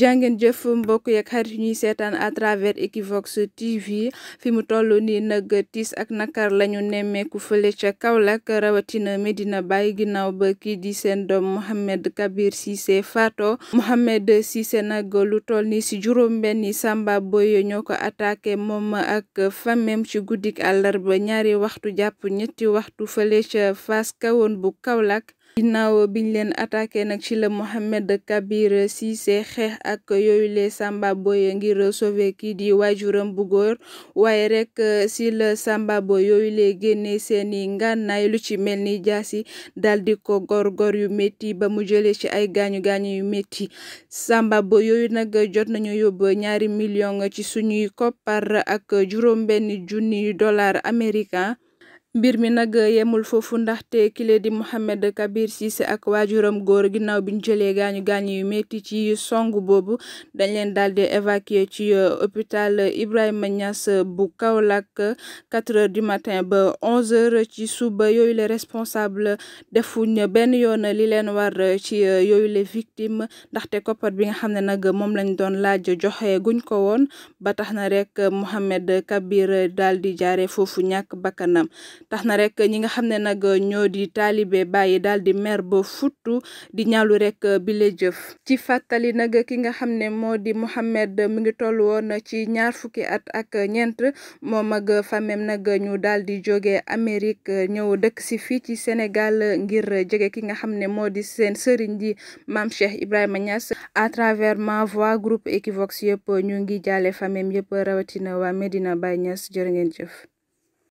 jàngeen jëf mbokk yeeg xarit ñuy seetaan à travers Equivox TV fi mu toll nii nag tiis ak nakar lañu nemmeeku fële ca Kaolack rawatina Medina Baye ginnaaw ba kii di seen doom Mohamed Kabir Cissé fato Mohamed Cissé nag lu toll nii si juróom Samba Boye ñoo ko attaqué moom ak famem ci guddik àllarba ñaari waxtu jàpp ñetti waxtu fële ca Fass kawoon bu Kaolack ginnaaw biñ leen attaqué nag ci la Mohamed Kabir Cissé xeex ak yooyu les Samba Boy ngir sauver kii di waajuram bu góor waaye rek si la yooyu lee génnee seeni ngànnaay lu ci mel ni jaasi daal di ko góor-góor yu métti ba mu jëlee ci ay gaañu gaañu yu métti Samba Boy yooyu nag jot nañu yóbbu ñaari million ci suñuy koppar ak juróom benn junni dollar américain mbir mi nag yemul foofu ndaxte kile di Mouhamed Kabir Cissé ak waajuram góor ginnaaw bi ñu jëlee gaañu gaañu yu métti ci song boobu dañ leen daal di évacuer ci euh, hôpital Ibrahima Niass bu Kaolack 4 heures du matin ba 11 heures ci suba yooyu les responsables defuñ benn yoon li leen war ci euh, yooyu les victimes ndaxte koppar bi nga xam ne nag moom lañ doon laaj joxe guñ ko woon ba tax na rek Mouhamed Kabir daal di jaare foofu ñàkk bakkanam tax na rek ñi nga xam ne nag ñoo di taalibe bàyyi daal di mer ba futtu di ñaalu rek bile jëf ci fàttali nag ki nga xam ne moo di Mohamed mi ngi toll woon ci ñaar fukki at ak ñeent moom ak famem nag ñu daal di jóge Amérique ñëw dëkk si fii ci Sénégal ngir jege ki nga xam ne moo di seen sëriñ di maam Cheikh Ibrahima Niass à travers ma voix groupe Equivox yëpp ñu ngi jaale famem yëpp rawatina waa Medina Baye Niass jërë ngeen jëf